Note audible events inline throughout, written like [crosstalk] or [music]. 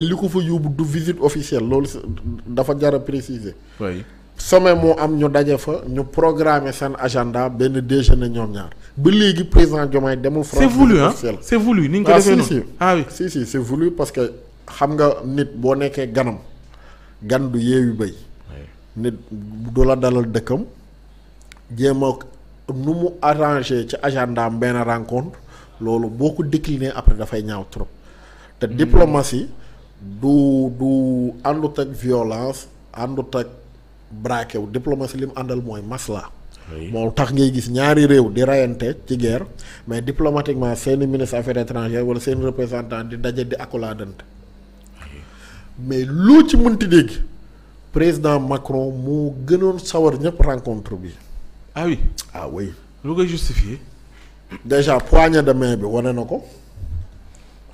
li ko fa yóbbu du visite officielle loolu dafa jar a préciser. oui sommet moo am ñu daje fa ñu programme seen agenda benn déjeuner ñoom ñaar ba léegi président Diomaye demul. France c'est voulu ah ni ñu ko ah, defee noonu ah parce que xam nga nit boo nekkee ganam gan du yeewi béy. nit du la dalal dëkkam jéem a nu mu arrangé ci agenda am benn rencontre loolu boo ko décliné après dafay ñaaw trop. te hmm. diplomatie. du du àndut ak violence àndut ak wu diplomatie li mu àndal mooy masla moo tax ngay gis ñaari réew di rayante ci guerre mais diplomatiquement seeni ministre affaires étrangères wala seeni représentant di daje di accoladante mais loo ci mënti dégg président Macron moo gënoon sawar ñëpp rencontre bi. ah oui ah lu koy justifier. déjà poignée de mais bi wane na ko.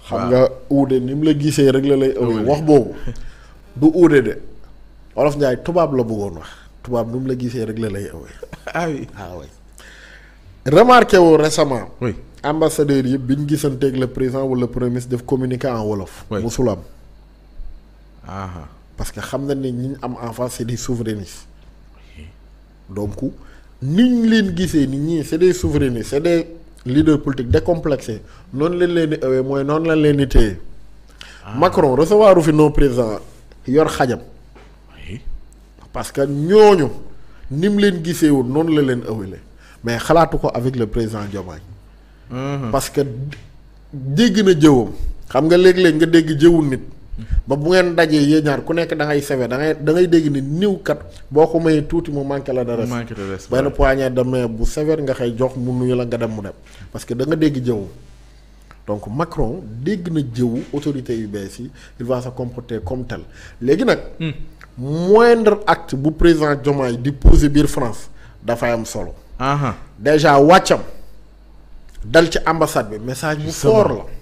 xam nga uude ni mu la gisee rek la lay ëwee wax boobu bu uude de olof Njaay tubaab la bëggoon wax tubaab ni mu la gisee rek la lay ëwee [laughs] ah oui ah oui remarqué wu récemment oui yëpp bi ñu gisanteeg le président wala le def communiqué en wolof musul ah. que xam na ne ñi am en face c'est des souverainistes donc niñ leen gisee ni ñii c'est des souverainistes c'est des leader politique décomplexé noonu leen leen di awee mooy noonu lañ leen di téye Macron recevoir u fi non président yor xajam parce que ñooñu ni mu leen gisee woon noonu la leen awele mais xalaatu ko avec le président Diomaye mhm. parce que dégg na jëwam xam nga léegi léeg nga dégg jëwu nit ba bu ngeen dajee yéen ñaar ku nekk da ngay sewe da da ngay dégg ni niw kat boo ko mayee tuuti mu manqué la dara. manqué la dara benn poignée de main bu sévère nga xëy jox mu nuyu la nga dem mu dem parce que da dégg jëw donc Macron dégg na jëwu autorité yu bees yi il va se comporter comme tel léegi nag. Hmm. moindre acte bu président Diomaye di poser biir France dafay am solo. Ah, ah. déjà wàccam dal ci ambassade bi message bu fort la.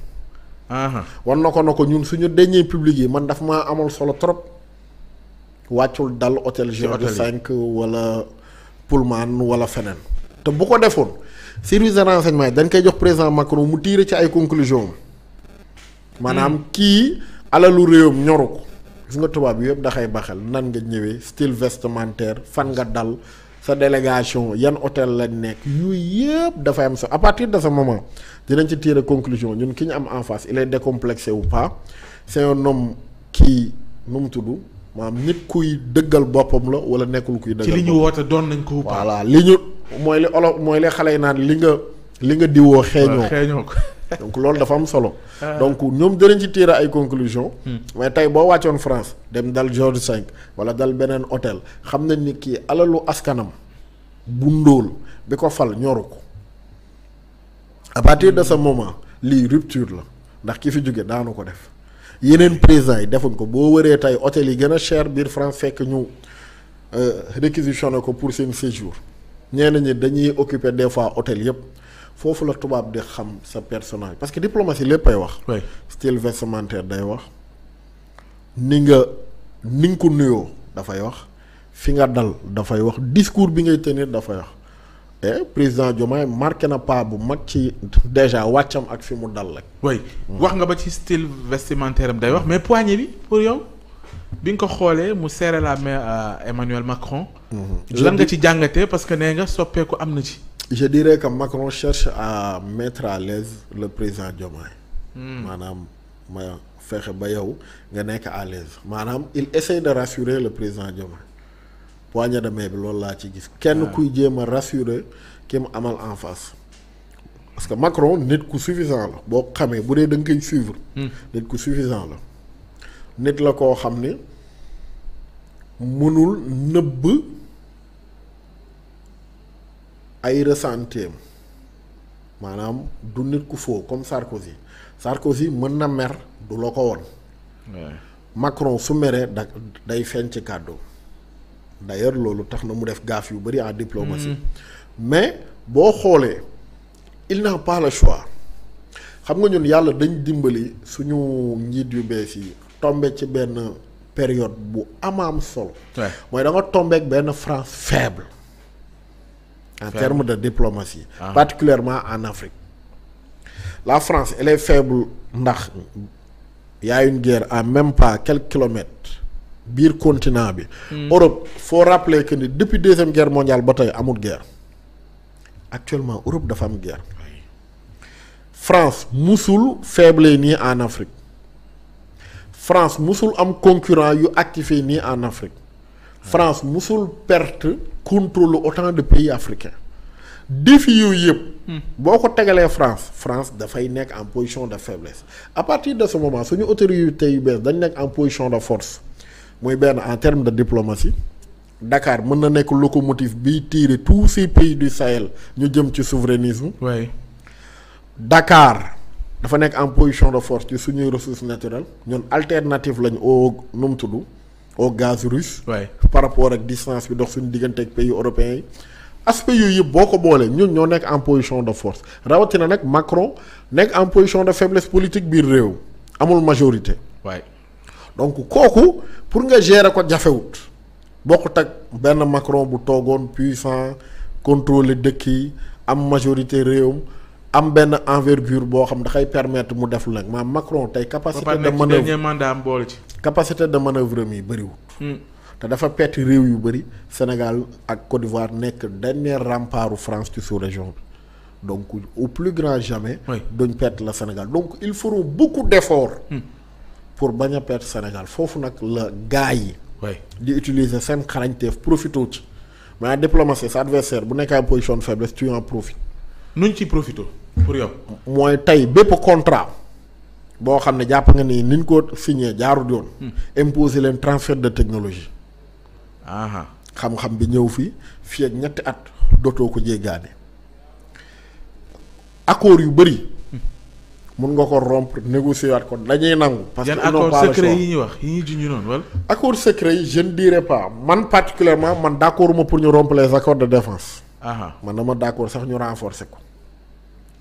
wan na ko na ko ñun suñu dernier public yi man daf maa amal solo trop wàccul dal hôtel Jean de cinq wala Pullman wala feneen te bu ko defoon service de renseignement yi dañ koy jox président Macron mu tiire ci ay conclusion maanaam hmm. kii alalu réewam ñoru ko gis tubaab bi yëpp daxay baxal nan nga ñëwee style vestimentaire fan nga dal sa délégation yan hôtel lañ nekk yooyu yëpp dafay am sa à partir de ce moment dinañ ci tirer conclusion ñun ki ñu am en face il est décomplexé ou pas c'est un noom qui nu mu tudd maanaam nit kuy dëggal boppam la wala nekkul kuy. dëggal ci li ñu woote doon nañ ko. voilà li ñu mooy li olof mooy li xale yi naan li nga li nga diwoo. xeeñoo xeeñoo ko. donc loolu dafa am solo. Euh. donc ñoom danañ ci tirer ay conclusion hmm. mais tey boo wàccoon France dem dal George V wala dal beneen hôtel xam nañ ni kii alalu askanam bu ndóol bi ko fal ñoru ko à partir de ce moment lii rupture la ndax ki fi jóge daanu ko def yeneen président yi defuñ ko boo wëree tey hôtel yi gën a cher biir France fekk ñu euh, réquisitionné ko pour seen séjour ñenn ñi dañuy occuper des fois hôtel yëpp. foofu la tubaab di xam sa personnage parce que diplomatie léppay wax. style vestimentaire day wax ni nga ni nga ko nuyoo dafay wax fi nga dal dafay wax discours bi ngay tenir dafay wax. Eh, président Diomaye marqué na pas bu mag ci déjà wàccam ak fi mu dal rek. oui hmm. wax nga ba ci style vestimentaire am day wax mais poignée bi pour yow bi nga ko xoolee mu serré la main à Emmanuel Macron. Hmm. lan nga ci jàngatee parce que nee nga soppeeku am na ci. je dirais que Macron cherche à mettre à l'aise le président Diomaye hmm. maanaam ma fexe ba yow nga nekk à l'aise maanaam il essaie de rassurer le président Diomaye poignée de main bi loolu laa ci gis kenn ah. kuy jéem a rassurer ki mu amal en face parce que Macron nit ku suffisant la boo xamee bu dee da nga suivre hmm. nit ku suffisant la nit la koo xam ne mënul nëbb ay ressentéem maanaam du nit ku faux comme Sarkozy Sarkozy mën na mer du la ko won Macron su mere da day feeñ ci kàddu d'ailleurs loolu tax na mu def gaaf yu bari en diplomatie mm-hmm. mais boo xoolee il n'a pas le choix xam nga ñun yàlla dañ dimbali suñu njiit yu bees yi tombe ci benn période bu amaam solo mooy da nga tombeek benn France faible en termes de diplomatie ah. particulièrement en Afrique la France elle faible ndax yaa a une guerre à même pas quelques biir continent bi mm. Europe faut rappeler que ni depuis deuxième guerre mondiale ba tey amul guerre actuellement Europe dafa am guerre France musul faible nii en Afrique France mosul am concurrent yu activé nii en Afrique ah. France musul perte contrôle autant de pays africains défi yooyu yëpp. Hmm. boo ko tegalee France France dafay nekk en position de faiblesse à partir de ce moment suñu autorité yu bees dañ nekk en position de force mooy benn en terme de diplomatie dakaar mën na nekk locomotive bi tiire tous ces pays du Sahel ñu jëm ci souverainisme. oui Dakar dafa nekk en position de force ci suñuy ressources naturelles ñun alternative lañ oo nu mu au gaz russe. Ouais. par rapport ak distance bi dox suñu diggante ak pays européens yi. aspect yooyu yëpp boo ko boolee ñun ñoo nekk en position de force rawatina nag Macron nekk en position de faiblesse politique biir réew amul majorité. waaye donc kooku pour nga gérer ko jafewut bokkut ak benn Macron bu toogoon puissant contrôler dëkk yi am majorité réew am benn envergure boo xam dafay permettre mu def nag maanaam Macron tey capacité de manœuvre mandat am boole ci capacité mi bëriwul hmm. te dafa pett réew yu bëri Sénégal ak Côte d'Ivoire nekk dernier rempartu France ci sous-région bi donc au plus grand jamais duñ pett la Sénégal donc ils feront beaucoup hmm. pour bañ a Sénégal foofu nag la gars yi di utiliser seen xarañteef profité ci mais la diplomatie sa adversaire bu nekk en position de faiblesse tu en profites nuñ ci profité pour yow mooy tey bépp contrat boo xam ne jàpp nga ni niñ ko signé jaarut yoon. Hmm. imposer leen transfert de technologie. xam-xam bi ñëw fi fii ak ñetti at dootoo ko jéggaane accord yu bëri. Hmm. mun nga ko rompre négocier waat ko dañuy nangu. parce que accord secret yi ñuy wax yi ñuy junj noonu wala. accord secret man particulièrement man d' accord ma pour ñu rompre les accords de défense. man dama d' accord sax ñu renforcer ko.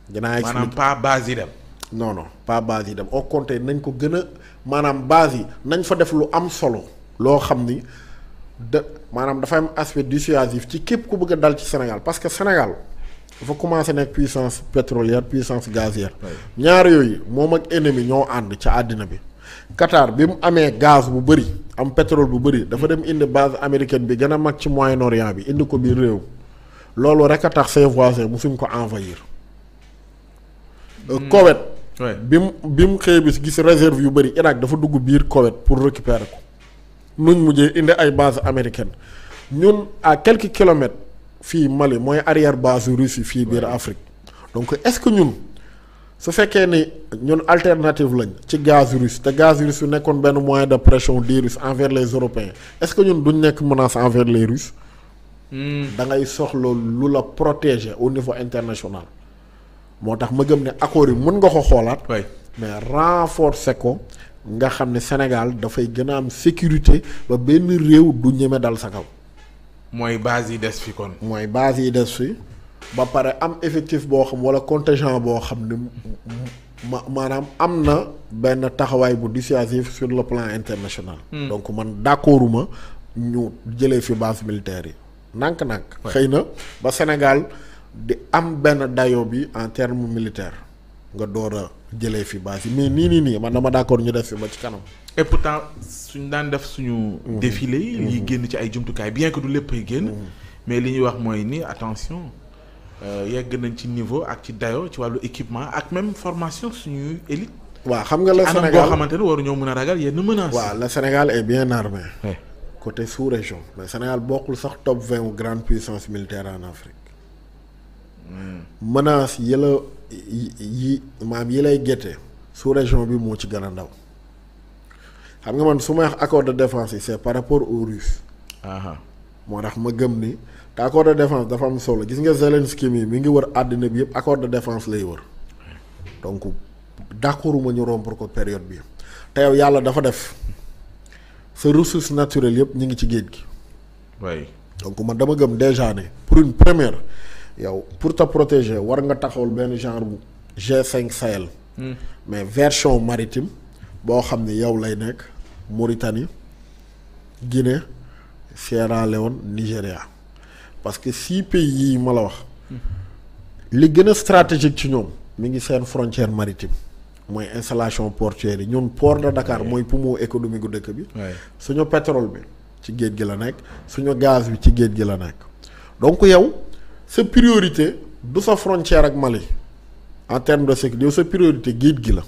dinaa expliqué maanaam pas base yi dem. non pas base yi dem au contraire nañ ko gën a maanaam base yi nañ fa def lu am solo. loo xam ni da maanaam dafa am aspect dissuasif ci képp ku bëgg dal ci Sénégal parce que Sénégal dafa commencé nekk puissance pétrolière puissance gazière. ñaar yooyu moom ak ennemi ñoo ànd ca àddina bi. Qatar bi mu amee gaz bu bëri am pétrole bu bëri dafa dem indi base américaine bi gën a mag ci Moyen-Orient bi indi ko biir réew loolu rek a tax ses voisins mu ko envahir. Euh, Koweït. bi mu bi mu xëy bis gis réserve yu bëri Irak dafa dugg biir Koweït pour récupérer ko nuñ mujjee indi ay base américaine ñun à quelques kilomètres fii Mali mooy arrière base yi fii biir Afrique donc est-ce que ñun su fekkee ni ñun alternative lañ ci gaz russe te gaz russe yu nekkoon benn moyen de pression des Russes envers les Européens est-ce que ñun duñ nekk menace envers les Russes hmm. da ngay soxla lu la protéger au niveau international moo tax ma gëm ne accords yi mën nga ko xoolaat. mais renforcer ko nga xam ne Sénégal dafay gën a am sécurité ba benn réew du ñeme dal sa kaw. mooy base yi des fi mooy base yi des fi ba pare am effectif boo xam wala contingent boo xam ne ma maanaam am na benn taxawaay bu dissuasif sur le plan international. Hmm. donc man d'accorduma ñu jëlee fi base militaire yi. nànk-nànk. xëy na ba Sénégal. di am benn dayo bi en terme militaire nga door a jëlee fi base yi mais nii nii nii man na dama d'accord ñu def fi ba ci kanam. et pourtant suñ daan def suñu. Mhm. défilé mhm. yi liy génn ci ay jumtukaay bien que du lépp ay génn. Mhm. mais li ñuy wax mooy ni attention euh, yegg nañ ci niveau ak ci dayo ci wàllu équipement ak même formation suñuy élite. waaw xam nga la Sénégal boo xamante ne ñoo mën a ragal yenn menaces. waaw Sénégal est bien armé. côté sous-région. mais Sénégal bokkul sax top 20 grande puissance militaire en Afrique. menace yi la yi maam yi lay gerte su région bi moo ci gën a ndaw xam nga man su may wax accord de défense yi c'est par rapport aux Russes. moo tax ma gëm ni te accord de défense dafa am solo gis nga Zelensky mi mi ngi wër àddina bi yëpp accord de défense lay wër donc d'accord ma ñu rompre ko période bi te yow yàlla dafa def sa ressource naturelle yëpp ñu ngi ci géej gi. oui donc man dama gëm déjà ne pour une première. yow pour te protéger war nga taxawul benn genre bu G5 hmm. mais version maritime boo xam ne yow lay nekk Mauritanie Guinée Sierra Leone Nigéria parce que six yii ma la wax. Hmm. li gën a stratégique ci ñoom mi ngi seen frontière maritime mooy installation portuaire yi ñun port de Dakar mooy poumon économique gu dëkk bi. suñu pétrole bi ci géej gi la nekk suñu gaz bi ci géej gi la nekk donc yow. sa priorité du sa frontière ak Mali en terme de sécurité yow sa priorité géej gi la